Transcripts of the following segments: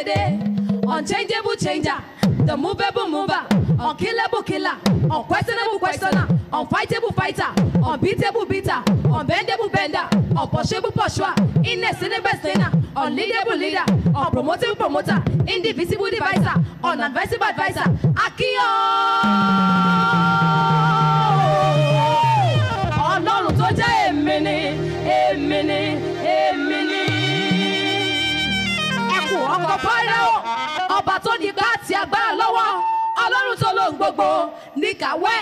Yekede, unchangeable changer, the movable mover, unkillable killer, unquestionable questioner, unfightable fighter, unbeatable beater, unbendable bender, unpushable pusher, inestinable sinner, unleadable leader, unpromotable promoter, indivisible divisor, unadvisable advisor, Akio! Ọlọ́run tó jẹ́ èmi ni, èmi ni. ọkọ̀ fáráò ọba tó ní ipá àti agbára lọ́wọ́ ọlọ́run tó lóhun gbogbo níkàwé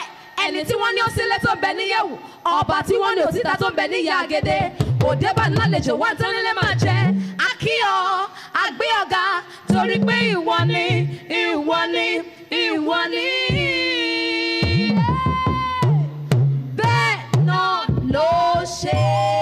ẹni tí wọ́n ní ó sílé tó ń bẹ níyẹ̀wù ọba tí wọ́n ní òtíta tó ń bẹ níyà agede òde bá lálejò wá tẹ́lẹ́lẹ́ máa jẹ akíyọ agbéyọ̀gá torí pé ìwọ ni ìwọ ni ìwọ ni. bẹ́ẹ̀ náà ló ṣe é.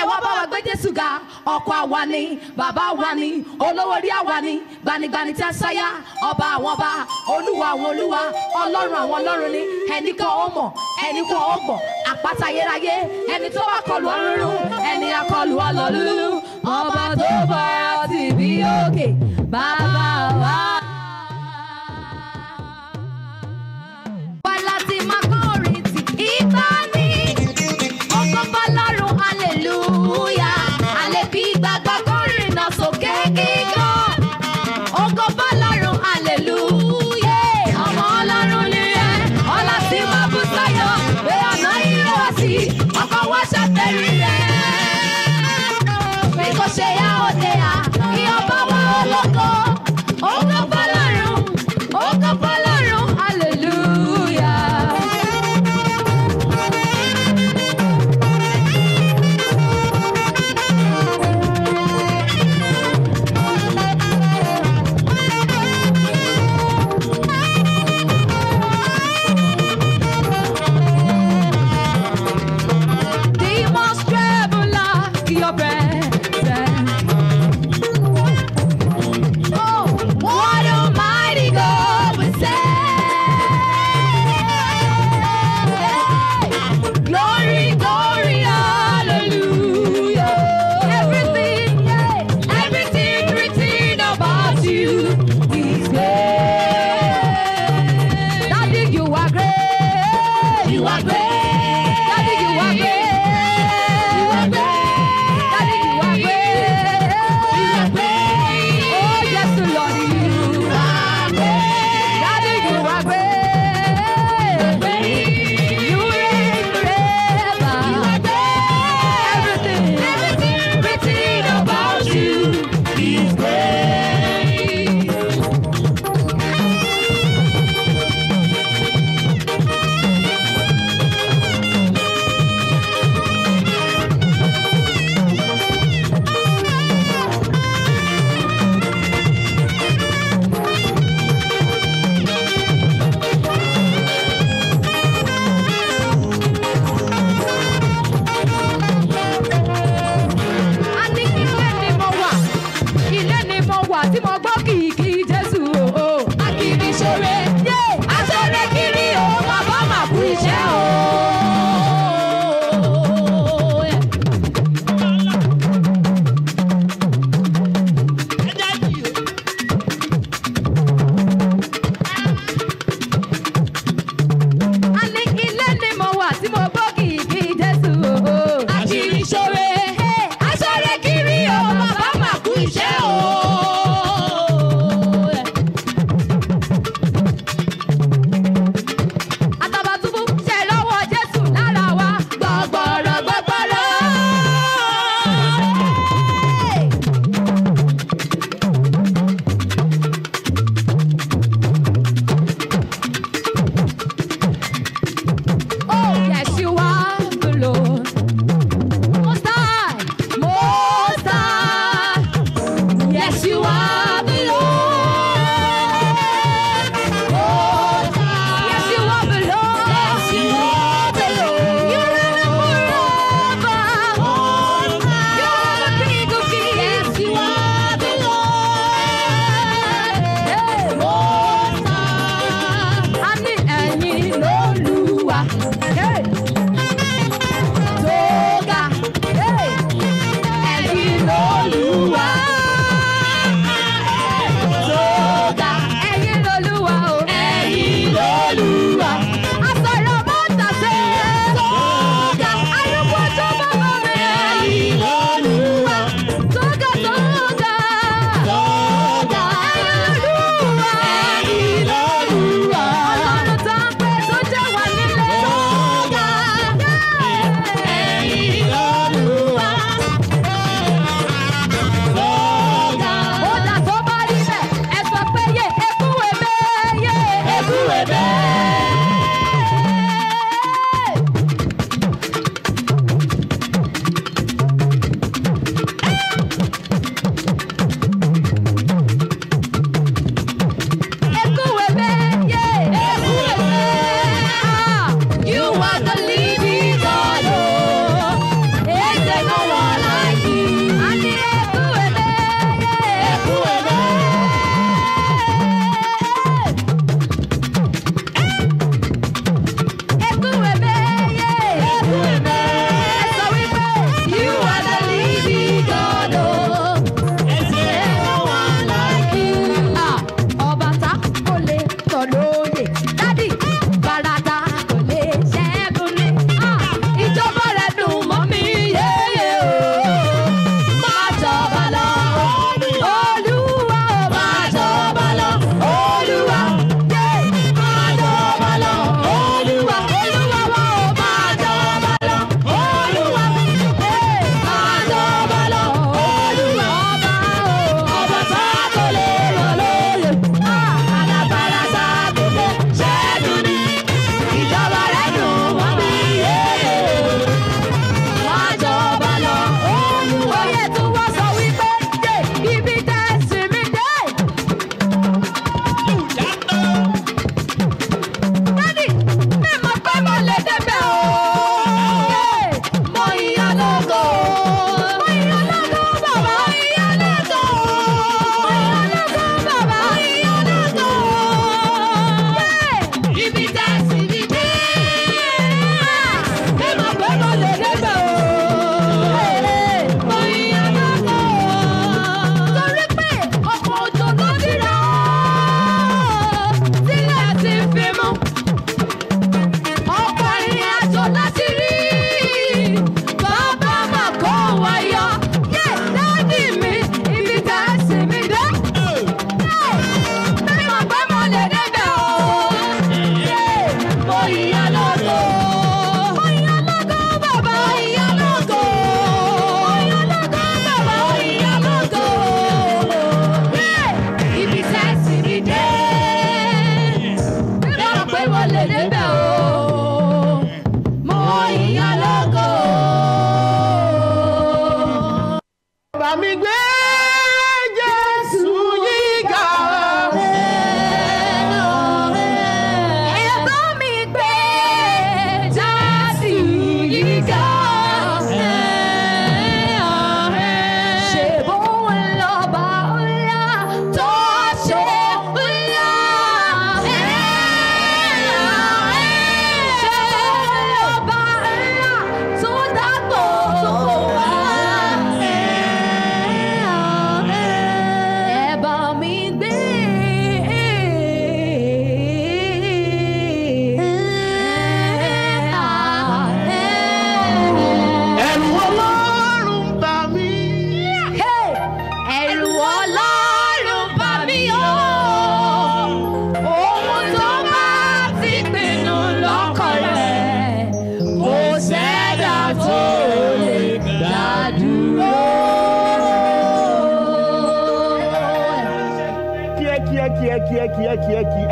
ẹ wá bá wa gbé jésù ga ọkọ àwa ni bàbá wa ni olówó orí àwa ni gbanigbani tí a sáyà ọba àwọn ọba olúwa àwọn olúwa ọlọ́run àwọn ọlọ́run ni ẹnì kan ó mọ̀ ẹnì kan ó gbọ̀ àpáta ayérayé ẹni tó bá kọlù ọlọ́run ẹni akọlù ọlọ́run ọba tó bá ti bí òkè bàbá wa.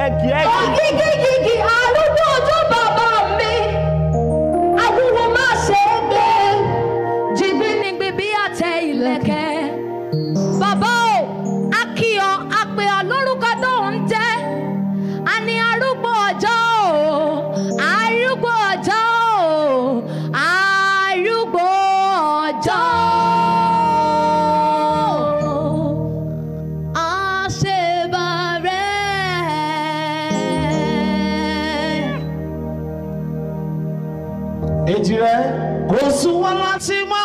ẹ̀gì ẹ̀gì. ẹ̀gì gígì ọjọ́ bá. kejì rẹ kò sún wọn láti mọ.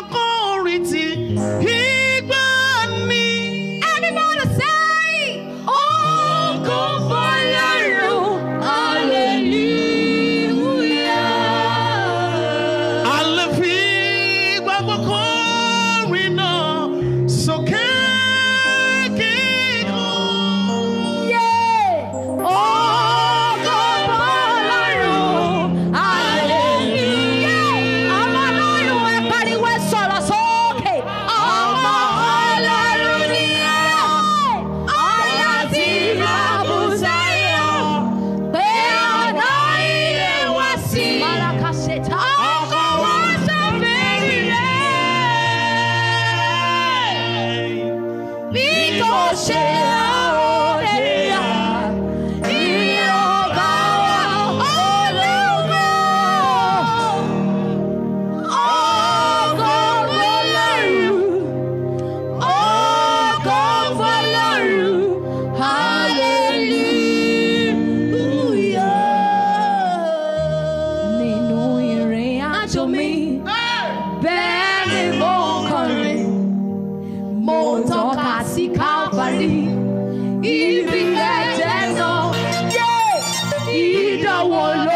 我。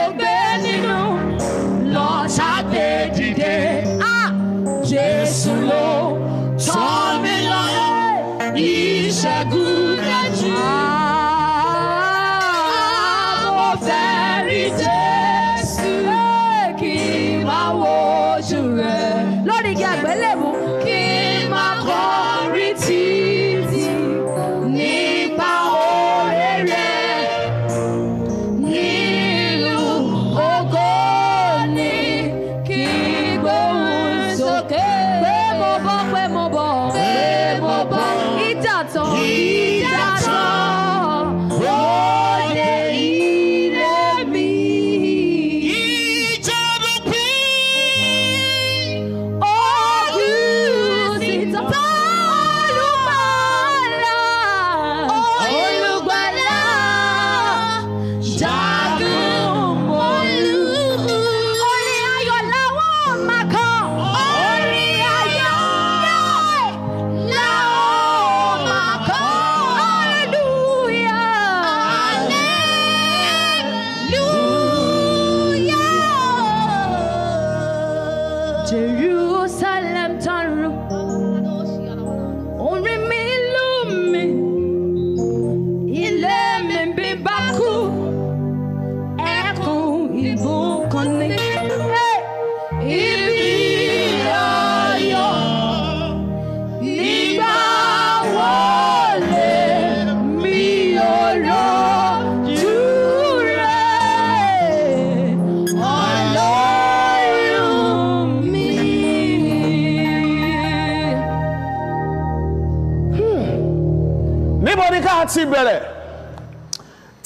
ká ti bẹ̀rẹ̀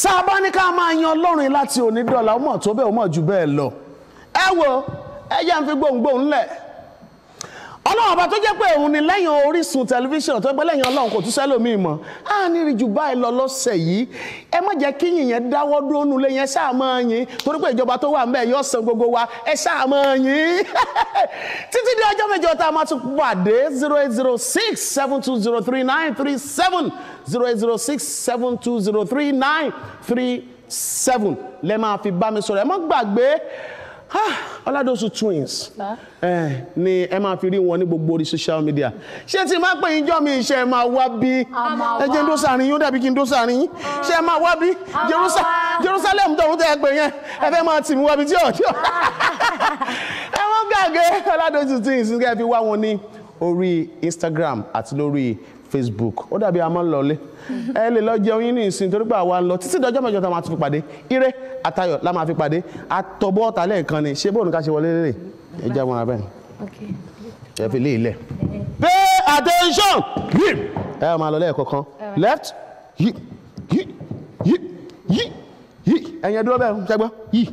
tá a bá ní ká máa yan ọlọ́run láti òní dọ́là ó mọ̀ tó bẹ́ẹ̀ ó mọ̀ jù bẹ́ẹ̀ lọ ẹ wo ẹ yá fi gbòǹgbòǹ lẹ̀ ọlọ́run ọba tó jẹ́ pé òun ni lẹ́yìn orísun tẹlifíṣàn tó gbé lẹ́yìn ọlọ́run kò tún sẹ́lòmíì mọ́ á ní rí jù báyìí lọ lọ́sẹ̀ yìí ẹ má jẹ́ kí yìnyín dáwọ́ dúró nulẹ̀ yẹn ṣáà máa yìn torí pé ìjọba tó wà ń bẹ̀ yóò san gbogbo wa ẹ ṣáà máa yìn títí di ọjọ́ mẹ́jọ tá máa tún pàdé zero eight zero six seven two zero three nine three seven zero eight zero six seven two zero three nine three seven lẹ́ẹ̀ máa fi bá mi sọ̀rọ̀ ẹ má gbàgbé Ọládòsù twins ni ẹ máa fi rí wọn ní gbogbo orí social media ṣé tí máa pè yín jọ́ mi ṣe máa wá bí ẹ jẹ́ ń dó sàárín yín ó dàbí kí n dó sàárín yín ṣe máa wá bí Jerusalem tọ̀hún tẹ́ ẹ pè yẹn ẹ fẹ́ máa tì mí wá bí tí ò tí ẹ wọ́n gàgé Ọládòsù twins kẹ́ ẹ fi wá wọn ní orí Instagram àti lórí Facebook ó dàbí a máa ń lọlé ẹ lè lọ jẹun yín ní ìsìn torí pé àwa ń lọ títí dọjọ́ mẹ́jọ tá a máa tún fi pàdé ire àtayọ̀ la máa fi pàdé àtọ̀bọ̀ ọ̀tà lẹ́ẹ̀kan ni ṣé bóun ká ṣe wọlé lè ẹ jẹ́ àwọn abẹ́rẹ́ ẹ fi lé ilẹ̀ eh. pay attention yip ẹ máa lọ lẹ́ẹ̀kọ̀ọ̀kan eh. left yip yip yip yip yip ẹ̀yẹn dúró bẹ́ẹ̀ ṣẹ́gbọ́ yip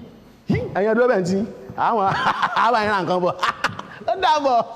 yip ẹ̀yẹn dúró bẹ́ẹ̀ ti àwọn àwọn àyìnrà nǹkan bọ̀ ó dàbọ̀.